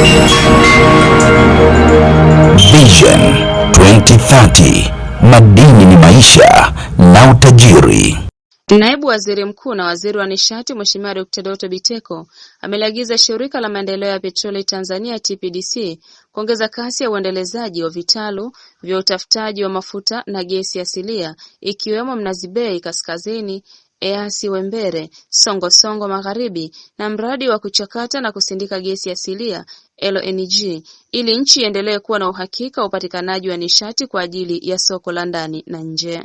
Vision 2030 madini ni maisha na utajiri. Naibu Waziri Mkuu na Waziri wa Nishati Mheshimiwa Dkt. Doto Biteko ameliagiza Shirika la Maendeleo ya Petroli Tanzania TPDC kuongeza kasi ya uendelezaji wa vitalu vya utafutaji wa mafuta na gesi asilia ikiwemo Mnazi Kaskazini Easi Wembere Songosongo Magharibi na mradi wa kuchakata na kusindika gesi asilia LNG ili nchi iendelee kuwa na uhakika wa upatikanaji wa nishati kwa ajili ya soko la ndani na nje.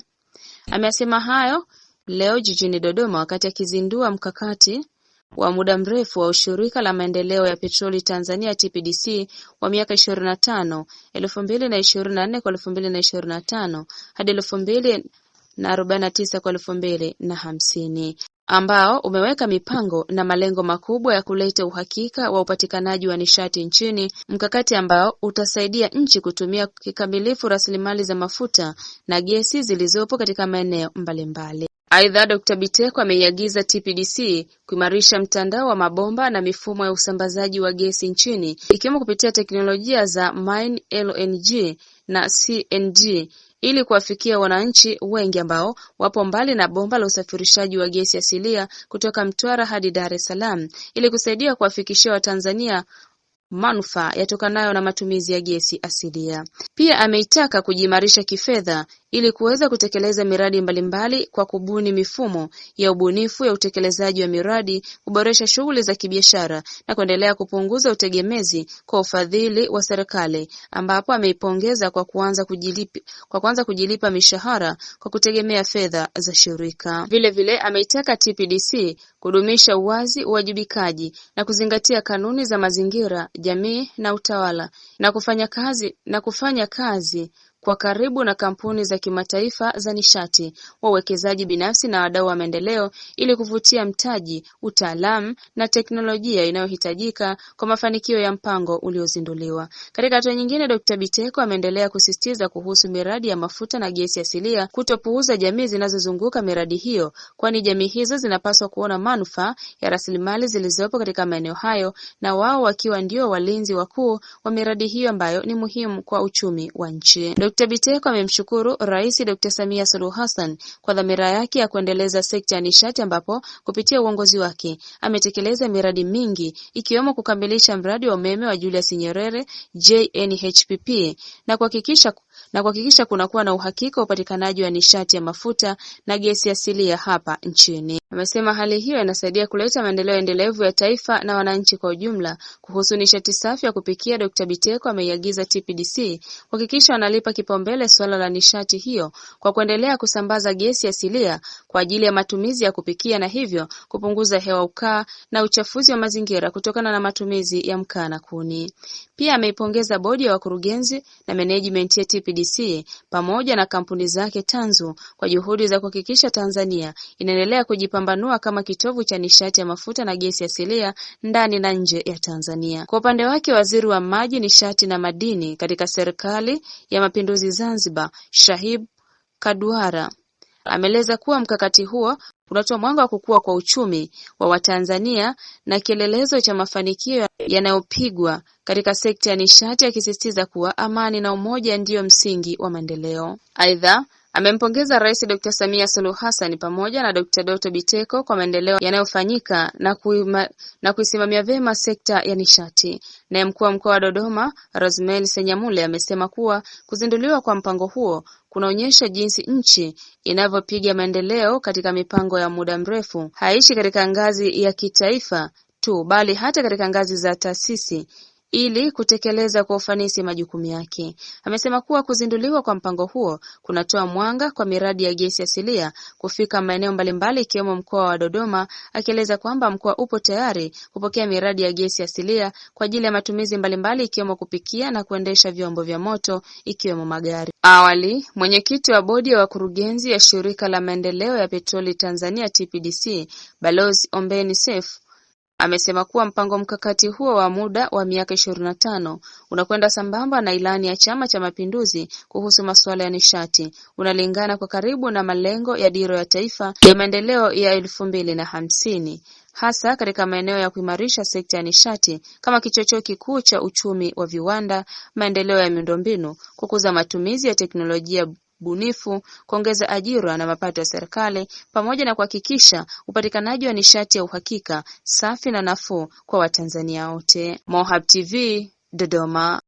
ameasema hayo leo jijini Dodoma wakati akizindua mkakati wa muda mrefu wa ushirika la Maendeleo ya Petroli Tanzania TPDC wa miaka 25 2024 kwa 2025 hadi na kwa ambao umeweka mipango na malengo makubwa ya kuleta uhakika wa upatikanaji wa nishati nchini, mkakati ambao utasaidia nchi kutumia kikamilifu rasilimali za mafuta na gesi zilizopo katika maeneo mbalimbali. Aidha Dkt Biteko ameiagiza TPDC kuimarisha mtandao wa mabomba na mifumo ya usambazaji wa gesi nchini ikiwemo kupitia teknolojia za Mine LNG na CNG ili kuwafikia wananchi wengi ambao wapo mbali na bomba la usafirishaji wa gesi asilia kutoka Mtwara hadi Dar es Salaam ili kusaidia kuwafikishia Watanzania manufaa yatokanayo na matumizi ya gesi asilia. Pia ameitaka kujiimarisha kifedha ili kuweza kutekeleza miradi mbalimbali kwa kubuni mifumo ya ubunifu ya utekelezaji wa miradi, kuboresha shughuli za kibiashara na kuendelea kupunguza utegemezi kwa ufadhili wa serikali, ambapo ameipongeza kwa kuanza kujilipa, kwa kuanza kujilipa mishahara kwa kutegemea fedha za shirika. vile vile ameitaka TPDC kudumisha uwazi, uwajibikaji na kuzingatia kanuni za mazingira, jamii na utawala na kufanya kazi, na kufanya kazi kwa karibu na kampuni za kimataifa za nishati, wawekezaji binafsi na wadau wa maendeleo ili kuvutia mtaji, utaalamu na teknolojia inayohitajika kwa mafanikio ya mpango uliozinduliwa. Katika hatua nyingine, Dkt. Biteko ameendelea kusisitiza kuhusu miradi ya mafuta na gesi asilia kutopuuza jamii zinazozunguka miradi hiyo, kwani jamii hizo zinapaswa kuona manufaa ya rasilimali zilizopo katika maeneo hayo na wao wakiwa ndio walinzi wakuu wa miradi hiyo ambayo ni muhimu kwa uchumi wa nchi. Dkt Biteko amemshukuru Rais Dkt Samia Suluhu Hassan kwa dhamira yake ya kuendeleza sekta ya nishati ambapo kupitia uongozi wake ametekeleza miradi mingi ikiwemo kukamilisha mradi wa umeme wa Julius Nyerere JNHPP na kuhakikisha na kuhakikisha kunakuwa na uhakika wa upatikanaji wa nishati ya mafuta na gesi asilia hapa nchini. Amesema hali hiyo inasaidia kuleta maendeleo endelevu ya Taifa na wananchi kwa ujumla. Kuhusu nishati safi ya kupikia, Dkt. Biteko ameiagiza TPDC kuhakikisha wanalipa kipaumbele suala la nishati hiyo kwa kuendelea kusambaza gesi asilia kwa ajili ya matumizi ya kupikia na hivyo kupunguza hewa ukaa na uchafuzi wa mazingira kutokana na matumizi ya mkaa na kuni. Pia ameipongeza bodi ya wakurugenzi na menejimenti ya TPDC pamoja na kampuni zake tanzu kwa juhudi za kuhakikisha Tanzania inaendelea kujipa kujipambanua kama kitovu cha nishati ya mafuta na gesi asilia ndani na nje ya Tanzania. Kwa upande wake, Waziri wa Maji, Nishati na Madini katika Serikali ya Mapinduzi Zanzibar, Shahib Kadwara, ameeleza kuwa mkakati huo unatoa mwanga wa kukua kwa uchumi wa Watanzania na kielelezo cha mafanikio yanayopigwa katika sekta ya nishati, akisisitiza kuwa amani na umoja ndiyo msingi wa maendeleo. Aidha, Amempongeza Rais Dkt Samia Suluhu Hassan pamoja na Dkt Doto Biteko kwa maendeleo yanayofanyika na, na kuisimamia vyema sekta ya nishati. Naye mkuu wa mkoa wa Dodoma Rosemary Senyamule amesema kuwa kuzinduliwa kwa mpango huo kunaonyesha jinsi nchi inavyopiga maendeleo katika mipango ya muda mrefu, haishi katika ngazi ya kitaifa tu bali hata katika ngazi za taasisi ili kutekeleza kwa ufanisi majukumu yake. Amesema kuwa kuzinduliwa kwa mpango huo kunatoa mwanga kwa miradi ya gesi asilia kufika maeneo mbalimbali ikiwemo mkoa wa Dodoma, akieleza kwamba mkoa upo tayari kupokea miradi ya gesi asilia kwa ajili ya matumizi mbalimbali ikiwemo kupikia na kuendesha vyombo vya moto ikiwemo magari. Awali, mwenyekiti wa bodi ya wakurugenzi ya Shirika la Maendeleo ya Petroli Tanzania TPDC, Balozi Ombeni Sefu Amesema kuwa mpango mkakati huo wa muda wa miaka 25 na tano unakwenda sambamba na Ilani ya Chama cha Mapinduzi kuhusu masuala ya nishati, unalingana kwa karibu na malengo ya Dira ya Taifa ya Maendeleo ya elfu mbili na hamsini, hasa katika maeneo ya kuimarisha sekta ya nishati kama kichocheo kikuu cha uchumi wa viwanda, maendeleo ya miundombinu, kukuza matumizi ya teknolojia bunifu kuongeza ajira na mapato ya Serikali pamoja na kuhakikisha upatikanaji wa nishati ya uhakika, safi na nafuu kwa Watanzania wote. MOHAB TV Dodoma.